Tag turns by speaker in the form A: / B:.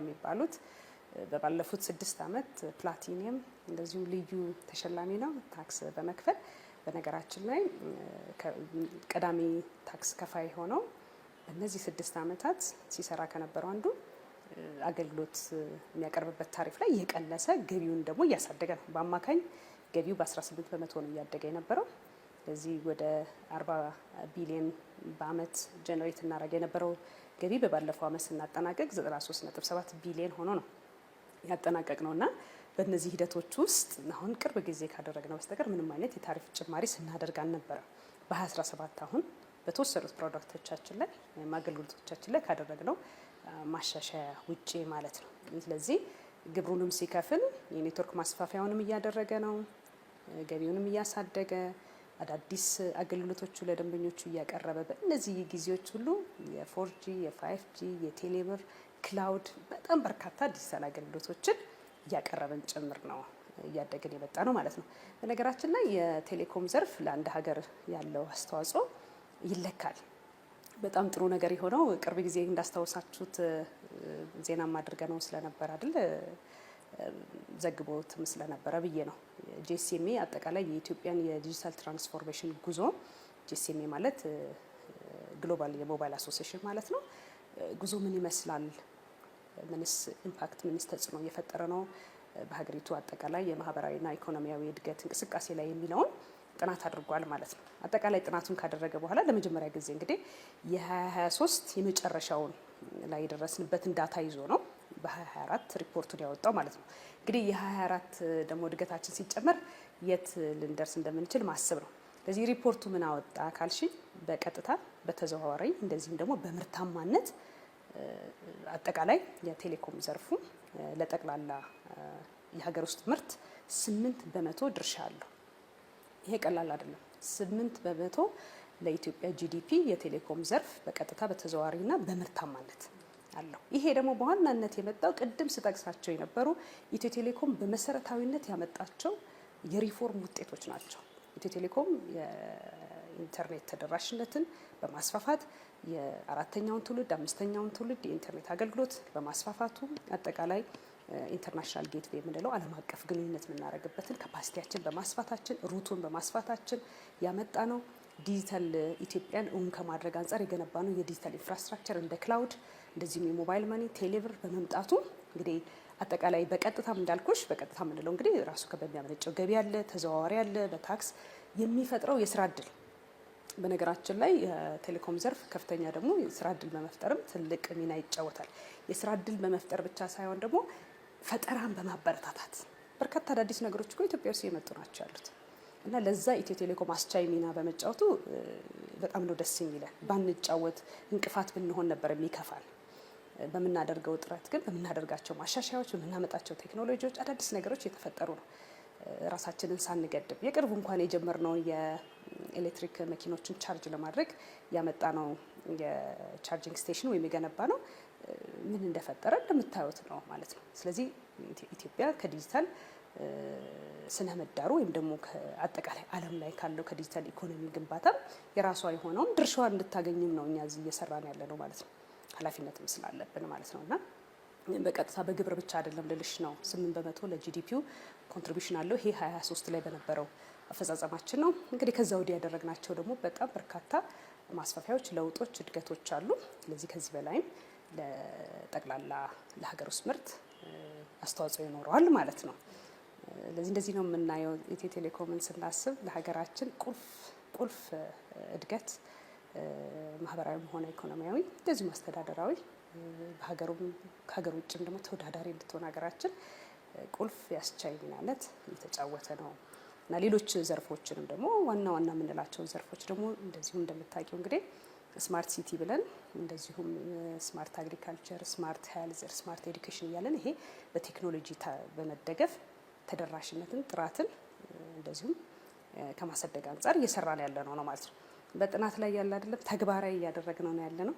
A: ከሚባሉት በባለፉት ስድስት አመት ፕላቲኒየም እንደዚሁ ልዩ ተሸላሚ ነው። ታክስ በመክፈል በነገራችን ላይ ቀዳሚ ታክስ ከፋይ ሆነው በእነዚህ ስድስት አመታት ሲሰራ ከነበረው አንዱ አገልግሎት የሚያቀርብበት ታሪፍ ላይ እየቀነሰ ገቢውን ደግሞ እያሳደገ ነው። በአማካኝ ገቢው በ18 በመቶ ነው እያደገ የነበረው። ለዚህ ወደ 40 ቢሊዮን በአመት ጀነሬት እናደረግ የነበረው ገቢ በባለፈው አመት ስናጠናቀቅ 93.7 ቢሊዮን ሆኖ ነው ያጠናቀቅ ነው እና በእነዚህ ሂደቶች ውስጥ አሁን ቅርብ ጊዜ ካደረግነው በስተቀር ምንም አይነት የታሪፍ ጭማሪ ስናደርግ አልነበረም። በ2017 አሁን በተወሰኑት ፕሮዳክቶቻችን ላይ ወይም አገልግሎቶቻችን ላይ ካደረግነው ማሻሻያ ውጪ ማለት ነው። ስለዚህ ግብሩንም ሲከፍል የኔትወርክ ማስፋፊያውንም እያደረገ ነው፣ ገቢውንም እያሳደገ አዳዲስ አገልግሎቶቹ ለደንበኞቹ እያቀረበ በእነዚህ ጊዜዎች ሁሉ የፎር ጂ ጂ የቴሌብር ክላውድ በጣም በርካታ ዲጂታል አገልግሎቶችን እያቀረበን ጭምር ነው እያደግን የመጣ ነው ማለት ነው። በነገራችን ላይ የቴሌኮም ዘርፍ ለአንድ ሀገር ያለው አስተዋጽኦ ይለካል። በጣም ጥሩ ነገር የሆነው ቅርብ ጊዜ እንዳስታወሳችሁት ዜናም አድርገ ነው ስለነበር አይደል ዘግቦትም ስለነበረ ብዬ ነው። ጂኤስኤምኤ አጠቃላይ የኢትዮጵያን የዲጂታል ትራንስፎርሜሽን ጉዞ ጂኤስኤምኤ ማለት ግሎባል የሞባይል አሶሲሽን ማለት ነው። ጉዞ ምን ይመስላል? ምንስ ኢምፓክት፣ ምንስ ተጽዕኖ እየፈጠረ ነው በሀገሪቱ አጠቃላይ የማህበራዊና ኢኮኖሚያዊ እድገት እንቅስቃሴ ላይ የሚለውን ጥናት አድርጓል ማለት ነው። አጠቃላይ ጥናቱን ካደረገ በኋላ ለመጀመሪያ ጊዜ እንግዲህ የ2023 የመጨረሻውን ላይ የደረስንበትን ዳታ ይዞ ነው በ2024 ሪፖርቱን ያወጣው ማለት ነው። እንግዲህ የ2024 ደግሞ እድገታችን ሲጨመር የት ልንደርስ እንደምንችል ማሰብ ነው። ለዚህ ሪፖርቱ ምን አወጣ ካልሽኝ፣ በቀጥታ በተዘዋዋሪ እንደዚህም ደግሞ በምርታማነት አጠቃላይ የቴሌኮም ዘርፉ ለጠቅላላ የሀገር ውስጥ ምርት ስምንት በመቶ ድርሻ አለው። ይሄ ቀላል አይደለም። ስምንት በመቶ ለኢትዮጵያ ጂዲፒ የቴሌኮም ዘርፍ በቀጥታ በተዘዋዋሪና በምርታማነት አለው። ይሄ ደግሞ በዋናነት የመጣው ቅድም ስጠቅሳቸው የነበሩ ኢትዮ ቴሌኮም በመሰረታዊነት ያመጣቸው የሪፎርም ውጤቶች ናቸው። ኢትዮ ቴሌኮም የኢንተርኔት ተደራሽነትን በማስፋፋት የአራተኛውን ትውልድ አምስተኛውን ትውልድ የኢንተርኔት አገልግሎት በማስፋፋቱ አጠቃላይ ኢንተርናሽናል ጌትዌ የምንለው ዓለም አቀፍ ግንኙነት የምናደርግበትን ካፓሲቲያችን በማስፋታችን ሩቱን በማስፋታችን ያመጣ ነው ዲጂታል ኢትዮጵያን እውን ከማድረግ አንጻር የገነባ ነው የዲጂታል ኢንፍራስትራክቸር እንደ ክላውድ እንደዚሁም የሞባይል መኒ ቴሌብር በመምጣቱ እንግዲህ አጠቃላይ በቀጥታ እንዳልኩሽ በቀጥታ የምንለው እንግዲህ ራሱ ከበሚያመነጨው ገቢ አለ፣ ተዘዋዋሪ አለ፣ በታክስ የሚፈጥረው የስራ እድል በነገራችን ላይ የቴሌኮም ዘርፍ ከፍተኛ ደግሞ የስራ እድል በመፍጠርም ትልቅ ሚና ይጫወታል። የስራ እድል በመፍጠር ብቻ ሳይሆን ደግሞ ፈጠራን በማበረታታት በርካታ አዳዲስ ነገሮች እኮ ኢትዮጵያ ውስጥ የመጡ ናቸው ያሉት። እና ለዛ ኢትዮ ቴሌኮም አስቻይ ሚና በመጫወቱ በጣም ነው ደስ የሚለን። ባንጫወት እንቅፋት ብንሆን ነበር የሚከፋል። በምናደርገው ጥረት ግን በምናደርጋቸው ማሻሻያዎች፣ በምናመጣቸው ቴክኖሎጂዎች አዳዲስ ነገሮች እየተፈጠሩ ነው። ራሳችንን ሳንገድብ የቅርቡ እንኳን የጀመርነውን የኤሌክትሪክ መኪኖችን ቻርጅ ለማድረግ ያመጣ ነው የቻርጂንግ ስቴሽን ወይም የገነባ ነው ምን እንደፈጠረ እንደምታዩት ነው ማለት ነው። ስለዚህ ኢትዮጵያ ከዲጂታል ስነ ምህዳሩ ወይም ደግሞ አጠቃላይ ዓለም ላይ ካለው ከዲጂታል ኢኮኖሚ ግንባታ የራሷ የሆነውን ድርሻዋ እንድታገኝም ነው እኛ እዚህ እየሰራን ያለ ነው ማለት ነው። ኃላፊነትም ስላለብን ማለት ነው እና በቀጥታ በግብር ብቻ አይደለም ልልሽ ነው። ስምንት በመቶ ለጂዲፒው ኮንትሪቢሽን አለው። ይሄ 23 ላይ በነበረው አፈጻጸማችን ነው። እንግዲህ ከዛ ወዲህ ያደረግናቸው ደግሞ በጣም በርካታ ማስፋፊያዎች፣ ለውጦች፣ እድገቶች አሉ። ስለዚህ ከዚህ በላይም ለጠቅላላ ለሀገር ውስጥ ምርት አስተዋጽኦ ይኖረዋል ማለት ነው። ለዚህ እንደዚህ ነው የምናየው ኢትዮ ቴሌኮምን ስናስብ ለሀገራችን ቁልፍ ቁልፍ እድገት ማህበራዊም ሆነ ኢኮኖሚያዊ እንደዚሁ አስተዳደራዊ በሀገሩም ከሀገር ውጭም ደግሞ ተወዳዳሪ እንድትሆን ሀገራችን ቁልፍ ያስቻይ ሚናነት እየተጫወተ ነው እና ሌሎች ዘርፎችንም ደግሞ ዋና ዋና የምንላቸውን ዘርፎች ደግሞ እንደዚሁም እንደምታውቂው እንግዲህ ስማርት ሲቲ ብለን እንደዚሁም ስማርት አግሪካልቸር፣ ስማርት ሄልዝ፣ ስማርት ኤዱኬሽን እያለን ይሄ በቴክኖሎጂ በመደገፍ ተደራሽነትን፣ ጥራትን እንደዚሁም ከማሳደግ አንጻር እየሰራ ነው ያለ ነው ነው ማለት ነው። በጥናት ላይ ያለ አይደለም ተግባራዊ እያደረግነው ነው ያለ ነው።